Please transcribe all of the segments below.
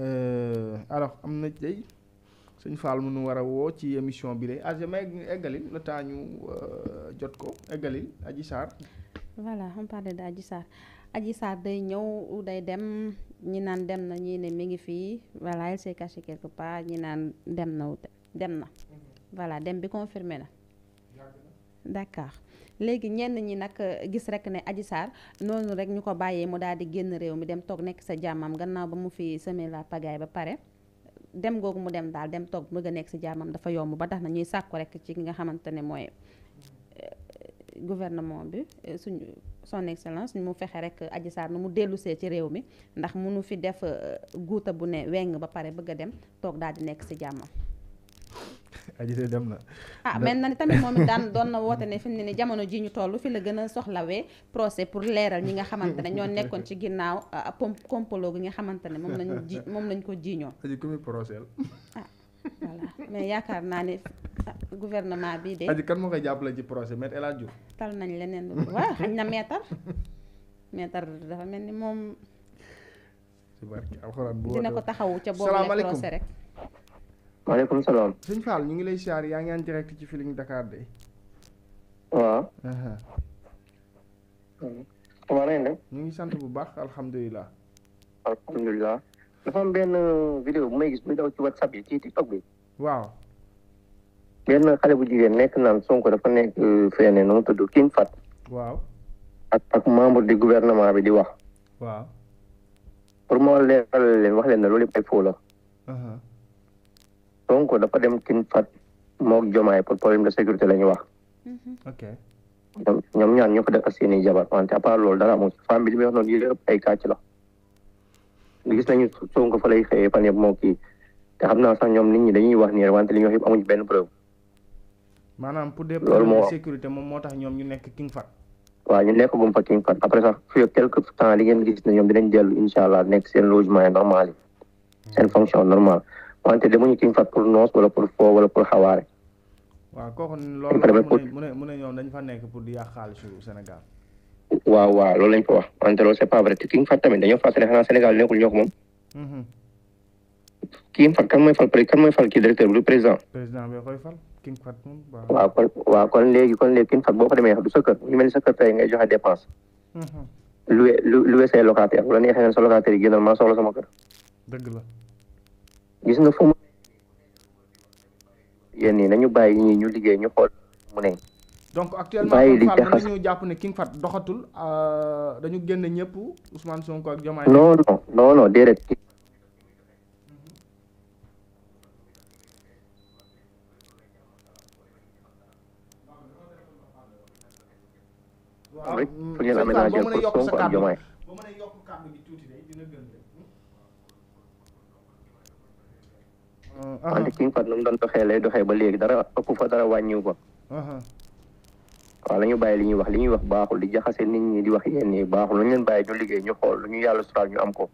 Euh, alors am na tey suñ faal mu nu war a woo ci émission bi la Adja may eggalil le temps ñu euh, jot ko eggalil Adji Sarr. voilà on parle de Adji Sarr day ñëw day dem ñi naan dem na ñii ne mi ngi fii voilà elle s'est cachée quelque ñi naan dem na dem na. voilà dem bi confirmé na. d'accord léegi ñenn ñi nag euh, gis rek ne Adji Sarr noonu rek ñu ko bàyyee mu daal di génn réew mi dem toog nekk sa jàmmam gannaaw ba mu fi semé la pagaille ba pare dem googu mu dem daal dem toog bëgg a nekk si jàmmam dafa yomb ba tax na ñuy sàkku rek ci nga xamante ne mooy euh, gouvernement bi euh, suñu son excellence mu fexe rek Adji Sarr nu mu dellusee ci réew mi ndax munu fi def guuta bu ne weng ba pare bëgg a dem toog daal di nekk si jàmmam aji de dem na. ah mel na ni tamit moom daan doon na woote ne fi mu ne ni jamono ji ñu toll fi la gën a soxlawee procès pour leeral ñi nga xamante ne ñoo nekkoon ci ginnaaw ah, ah, pom kompolo gi nga xamante ne moom lañ ji moom lañ ko jiiñoo. aji ku muy procès ah mais yaakaar naa ne ah, gouvernement bi de. aji kan moo koy jàppale ci procès Me El Hadji Diouf. tal nañ leneen lu waaw xañ na meetar meetar dafa mel ni moom. dina ko taxawu ca boobu procès rek. waaleykum salaam. sëñ ñu ngi lay siyaar yaa ngi en direct ci Feeling Dakar de. waaw. comment nañ def. ñu ngi sant bu baax alhamdulilah. alhamdulilah. dafa am benn euh, vidéo bu may gis muy daw ci whatsapp yi ci tiktok bi. waaw. benn xale bu jigéen nekk naan Sonko dafa nekk euh, feneen nu mu tudd Fat. waaw. ak ak membre du gouvernement bi di wax. waaw. pour ma leen wax leen ne loolu yëpp ay Sonko dafa dem kin fat moo jomaay pour problème de sécurité la ñu wax. Mm-hmm. ok ñoom ñaan ñoo ko def ak seen i jabar wante a part loolu dara amul femme bi li muy wax noonu yëpp ay kàcc la. gis nañu Sonko fa lay xëyee fan yëpp moo kii te xam naa sax ñoom nit ñi dañuy wax nii rek wante li ñu wax yëpp amuñ benn preuve. maanaam pour des problèmes de sécurité moom moo tax ñoom ñu nekk king fat. waaw ñu nekk gum fa king fat après sax fii quelque temps li ngeen gis ne ñoom dinañ dellu incha allah nekk seen logement normal yi seen mm-hmm. fonction normale. wante demuñu ci fat pour noos wala pour foo wala pour xawaare. waaw kooku loolu mu fa nekk pour di yàq xaalisu Sénégal. waaw waaw loolu lañ ko wax wante loolu te ki ñu fat tamit dañoo fàttali ki ñu fat kan mooy fal kan mooy fal kii directeur bi du président. président bi koy kon waaw kon fat boo fa demee du sa kër ñu mel ni sa kër a ngay joxe dépense. loué mm-hmm. loué say locataire wala neexee na sa locataire yi génnal maa soxla sama kër. gis nga fu mu yéen ñi nañu bàyyi ñii ñu liggéey ñu xool mu ne donc actuellement King jàpp ne King doxatul euh, dañu génn ñëpp Ousmane Sonko ak Diomaye non non non non déedéet waaw mm, rek fu ngeen amee wante King Fahd nu mu doon doxee lay doxee ba léegi dara ëpp fa dara wàññiw fa waaw la ñu bàyyi li ñuy wax li ñuy wax baaxul di jaxase nit ñi di wax yenn yi baaxul lu ñu leen bàyyi ñu liggéey ñu xool ñu yàlla sural ñu am ko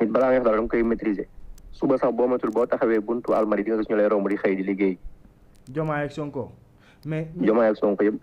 nit balaa nga def dara da nga koy maîtriser suba sax boo matul boo taxawee buntu almari di nga gis ñu lay romb di xëy di liggéey Jomaay ak Sonko mais Jomaay ak Sonko yëpp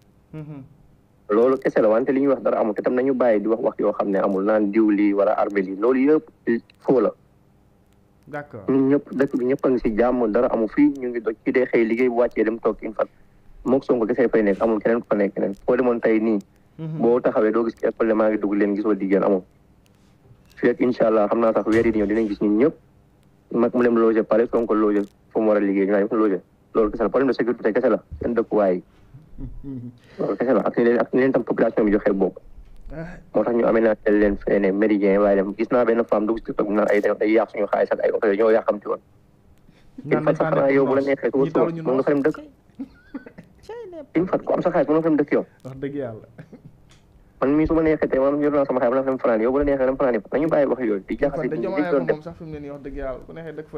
loolu kese wante li ñuy wax dara amul te tam nañu bàyyi di wax wax yoo xam ne amul naan diw lii wala armée lii loolu yëpp foo la. d'accord ñun ñëpp dëkk bi ñëpp a ngi si jàmm dara amul fii ñu ngi doon ci dee xëy liggéey bu wàccee dem toog in fat mook Sonko kese fay nekk amul keneen ku tey nii. Mhm. boo taxawee doo gis école dugg leen gisoo liggéey amul. fii ak xam naa sax weer yi di ñëw dinañ gis ñun ñëpp mag mu dem loger pare Sonko loger fu mu a liggéey ñu naan loger loolu kese la problème de sécurité kese la seen loolu kese la ak ni leen tam population bi joxee bokk moo tax ñu aménagé leen fene méridien waaye dem gis naa benn femme dugg si TikTok naan ay day yàq suñu la neexee suba suba mën nga fa dem dëkk sa xaalis mën nga fa dem dëkk yow wax dëgg naa sama xaalis mën naa fa dem fanaan la neexee dem fanaan nañu bàyyi wax yooyu di jaxase di ne nii wax dëgg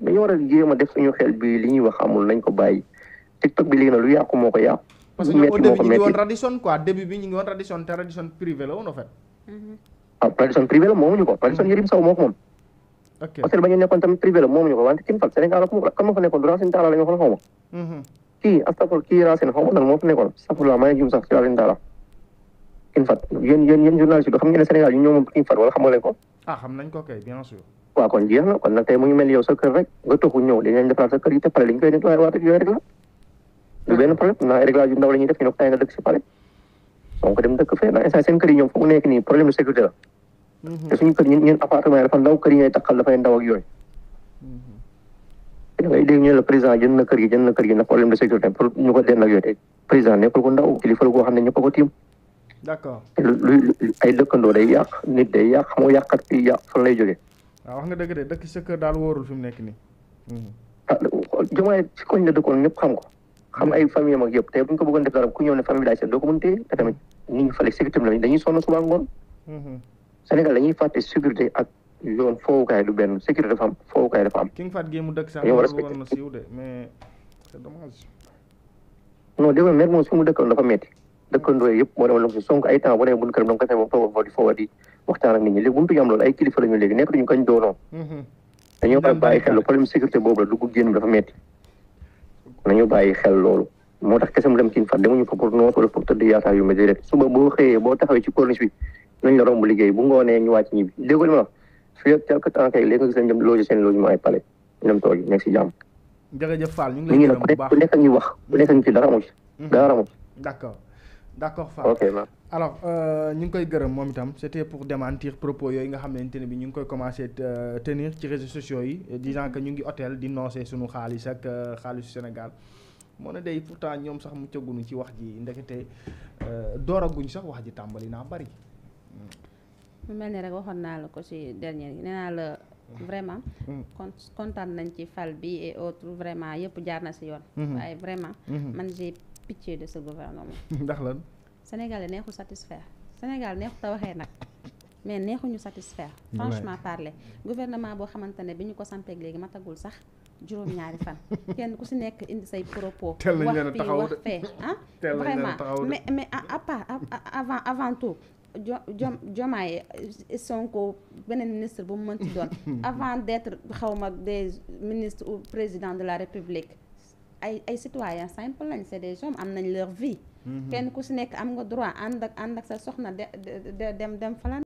dañu war a jéem a def suñu xel bi li ñuy wax amul nañ ko bàyyi TikTok bi léegi lu yàqu moo ko yàqu. parce que ñoo au début ñu ko tradition mm-hmm. Yërim Sow moo moom. parce que ba ñu nekkoon tamit privé la moomuñu ko wante kin fal Sénégal ak moom kan ma nekkoon du Racine Talla la ñu waxoon mm-hmm. moo fa nekkoon astafurlah maa jum sax ci Racine Talla. kin fat yéen yéen yéen journaliste xam ngeen Sénégal ñu ñoo moom kin fat wala xam nga leen ah, xam nañ ko kay quoi kon na kon ngi mel yow sa kër rek nga toxu ñëw dañ leen defaraat sa kër yi te pare dañ koy nettoyé waat ak yooyu rek la du benn problème naa réglage yu ndaw la ñuy def ñu ne ko dem dëkk fee ndax instant nekk nii problème de sécurité la te suñu kër ñun appartement yi dafa da ngay dégg président jënd na kër gi jënd na kër gi na problème de sécurité pour ñu ko den ak yooyu te président nekkul ko ndaw kilifa la koo xam ne ñëpp ko tiim d'accord lu ay dëkkandoo day yàq nit day yàq moo yàqat fii yàq fan lay jógee waaw wax nga dëgg de dëkk sa kër daal wóorul fi mu nekk nii. ah Diomaye ci koñ la dëkkoon ñëpp xam ko xam ay famille am ak yëpp te bu ñu ko bëggoon def dara ku ñëw ne famille daay seen doo ko mën téye te tamit nit ñi fale sécurité bi dañuy sonn suba ngoon. Mm-hmm. Sénégal dañuy fàtte sécurité ak yoon foowukaay du benn sécurité dafa am foowukaay dafa am. ki nga fàtt mu dëkk sax waroon na siiw de mais c'est dommage. non déggoo mère moom su mu dëkkoon dafa metti dëkkandoo yëpp moo demal donc Sonko ay temps bu ne bu ñu këram donc kese moom foofu foofu di foofu di waxtaan ak nit ñi léegi bu ñu fi am loolu ay kilifa la léegi nekk duñu kañ doonoo mhm. dañoo war a xel loolu moo tax kese mu dem kiin fan demuñu fa pour noos wala pour tëdd yaakaar yu médi rek suba boo xëyee boo taxawee ci corniche nañ la romb liggéey bu ngoonee ñu wàcc ñibbi déggoo li ma wax fii ak quelque léegi nga gis logement ay palais ñu dem toog ñu ngi nag ku nekk ñu wax ku nekk ñu ci dara amu mhm. dara amu d'accord Fall ok ma alors euh, ñu ngi koy gërëm moom itam c'était pour démentir propos yooyu nga xamante ne bi ñu ngi koy commencer euh, tenir ci réseaux sociaux yi disant que ñu ngi hôtel di noosee suñu xaalis ak euh, xaalisu Sénégal moo ne day pourtant ñoom sax muccaguñu ci wax ji ndekete dooraguñ sax wax ji tàmbali naa bari. mu mel ni rek waxoon naa la ko si dernier nee naa la vraiment mm. kon kontaan nañ ci fal bi e autres vraiment yëpp jaar na si yoon mm-hmm. waaye vraiment mm-hmm. pitié de ce gouvernement. ndax lan. Sénégalais neexu satisfaire Sénégal neexu ta waxee nag mais neexuñu satisfaire. franchement parler gouvernement boo xamante ne bi ñu ko sampeeg léegi matagul sax. juróom ñaari fan kenn ku si nekk indi say propos wax fii wax fee ah vraiment mais mais à part avant avant tout jo jom Jomaay euh, Sonko beneen ministre bu mu mënti doon avant d'être xaw ma des ministres ou président de la République ay ay citoyens simple lañ c'est des gens am nañ leur vie. Mhm. kenn ku si nekk am nga droit ànd ak ànd ak sa soxna de dem dem falan